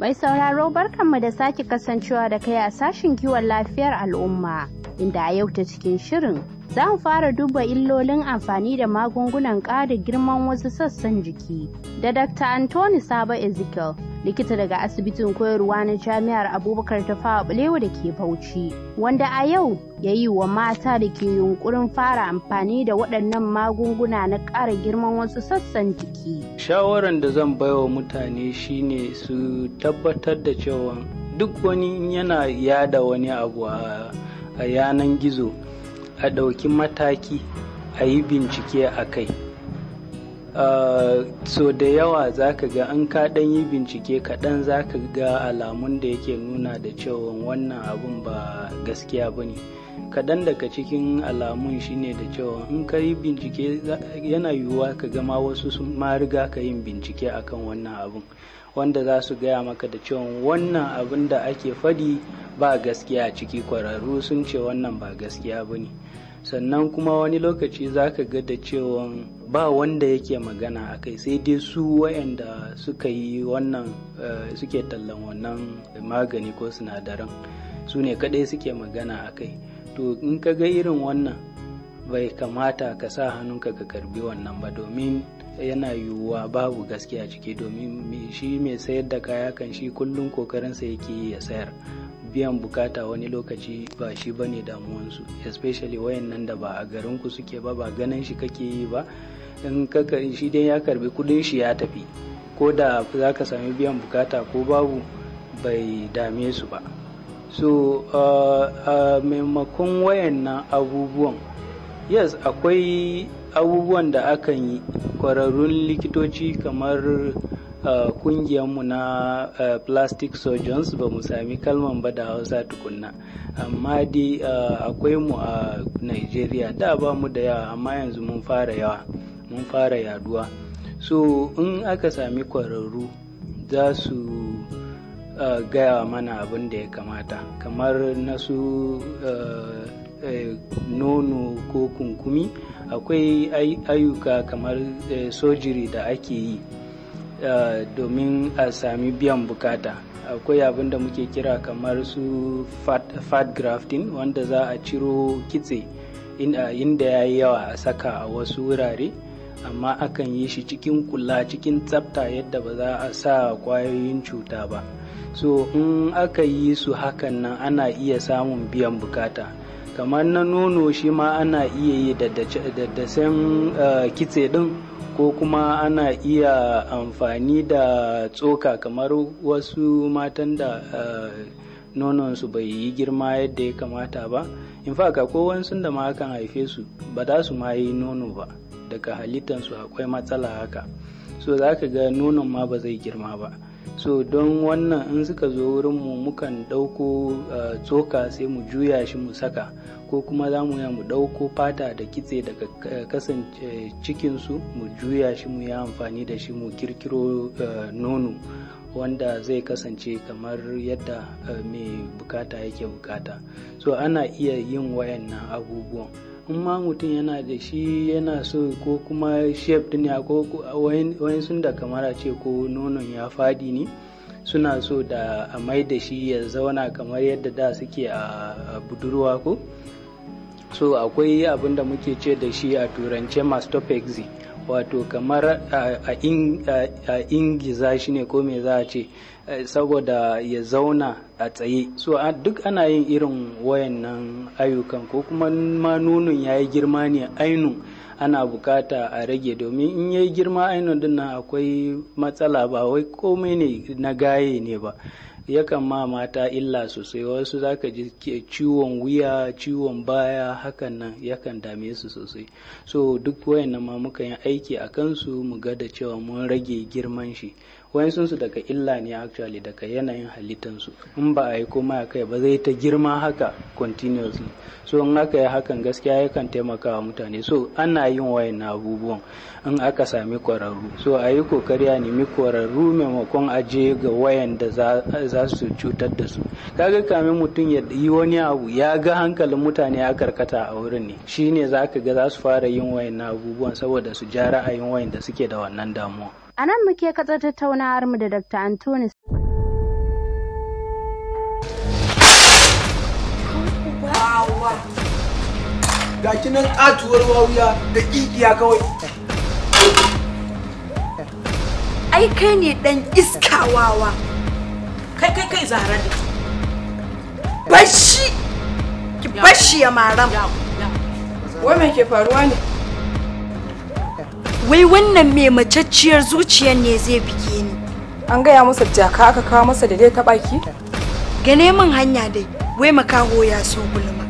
Mai sauraro barkanmu da sake kasancewa da kai a sashin kiwon lafiyar al'umma inda a yau ta cikin shirin za mu fara duba illolin amfani da magungunan ƙara girman wasu sassan jiki da Dr. Anthony Sabo Ezekiel likita daga asibitin koyarwa na jami'ar abubakar ta fawa balewa da ke bauchi wanda a yau ya yi wa mata da ke yunkurin fara amfani da waɗannan magunguna na ƙara girman wasu sassan jiki shawaran da zan baiwa mutane shine su tabbatar da cewa duk wani yana yada wani abu a yanan gizo a ɗauki mataki a yi bincike a kai Eh, so da yawa za ka ga an ka ɗan yi bincike kaɗan za ka ga alamun da yake nuna da cewa wannan abun ba gaskiya ba ne kaɗan daga cikin alamun shine da cewa in ka yi bincike yana yiwuwa ka gama wasu sun ma riga ka yin bincike akan wannan abun wanda za su gaya maka da cewa wannan abun da ake faɗi ba gaskiya ciki kwararru sun ce wannan ba gaskiya ba ne sannan kuma wani lokaci za ka ga da cewa ba wanda yake magana a kai sai dai su wayanda suka yi wannan eh, suke tallan wannan magani ko sinadaran su ne kadai suke magana a kai to in ka ga irin wannan bai kamata ka sa hannunka ka karbi wannan ba domin yana yiwuwa babu gaskiya ciki domin shi mai sayar da kaya kan shi kullum kokarinsa yake ya sayar biyan bukata wani lokaci ba shi ba ne damuwansu especially wayannan da ba a ku suke ba ba ganin shi kake yi ba in shi dai ya karbi kudin shi ya tafi ko da za ka sami biyan bukata ko babu bai dame su ba so a maimakon wayannan abubuwan yes akwai abubuwan da akan yi kwararrun likitoci kamar Eh, mu na eh, plastic surgeons ba mu sami kalman ba da hausa tukunna amma dai eh, akwai mu a nigeria da ba mu da yawa amma yanzu mun fara yawa mun fara yaduwa so in aka sami kwararru za su gaya mana abin da ya kamata kamar na su nono ko kunkumi akwai ayyuka kamar surgery da ake yi Eh, domin a sami biyan bukata akwai abin da muke kira kamar su fat, grafting wanda za a ciro kitse inda ya yi yawa a saka a wasu wurare amma akan yi shi cikin kula cikin tsafta yadda ba za a sa kwayoyin cuta ba so in aka yi su hakan nan ana iya samun biyan bukata kamar na nono shi ma ana iya yi da eh, kitse din ko kuma ana iya amfani da tsoka kamar wasu matan da eh, nononsu bai yi girma yadda ya kamata ba in faka ko wani da ma akan haife su ba za su ma yi nono ba daga halittansu akwai matsala haka so za ka ga nonon ma ba zai girma ba so don wannan in suka zo wurin mu mukan ɗauko eh, tsoka sai mu juya shi mu saka ko kuma za mu mu ɗauko fata da kitse daga eh, kasance eh, cikinsu mu juya shi mu yi amfani da shi mu kirkiro nono wanda zai kasance kamar yadda mai bukata yake bukata so ana iya yin wayannan abubuwan in ma mutum yana da shi yana so ko kuma shef ne ko wayan sun da kamar a ce ko nonon ya fadi ne suna so da a mai da shi ya zauna kamar yadda da suke a budurwa ko so akwai abin da muke ce da shi a turance mastopexy wato kamar a ingiza shi ne ko me za a ce eh, saboda ya zauna a tsaye so duk ana yin irin wayannan ayyukan ko kuma ma nunun ya yi girma ne ainun ana bukata a rage domin in yayi girma ainihin din nan akwai matsala ba wai komai ne na gaye ne ba yakan ma mata illa sosai wasu zaka ji ciwon wuya ciwon baya hakan nan yakan dame su sosai so duk wayannan ma muka yi aiki a kansu mu ga da cewa mun rage girman shi wayansu su daga illa ne actually daga yanayin halittansu in ba a yi komai a kai ba zai ta girma haka continuously so in aka yi hakan gaskiya yakan taimaka wa mutane so ana yin wayan abubuwan in aka sami kwararru so a yi kokari a nemi kwararru maimakon aje ga wayan da za su cutar da su kaga kamin mutum ya yi wani abu ya ga hankalin mutane a karkata a wurin ne shine za ka ga za su fara yin wayan abubuwan saboda su ja ra'ayin wayan da suke da wannan damuwa A nan muke katsar tattaunawar mu da Dr. Antonis. Ga kinan katuwar wawuya da ƙiƙiya kawai. Ai kai ne ɗan iska wawa. Kai kai kai zara da Bashi! Ki bashi ya maram. Wai me ke faruwa ne? wai wannan mai macacciyar zuciyar ne zai bige ni an gaya masa jaka aka kawo masa da dai ta baki gane min hanya dai wai makaho ya so gulma